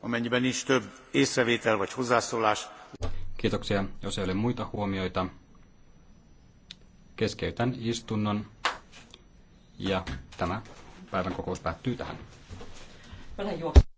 amennyiben nincs több észrevétel vagy hozzászólás. Kiitoksia. Jos ei ole muita huomioita, keskeytän istunnon ja tämä päivän kokous päättyy tähän. Vähän juoksu.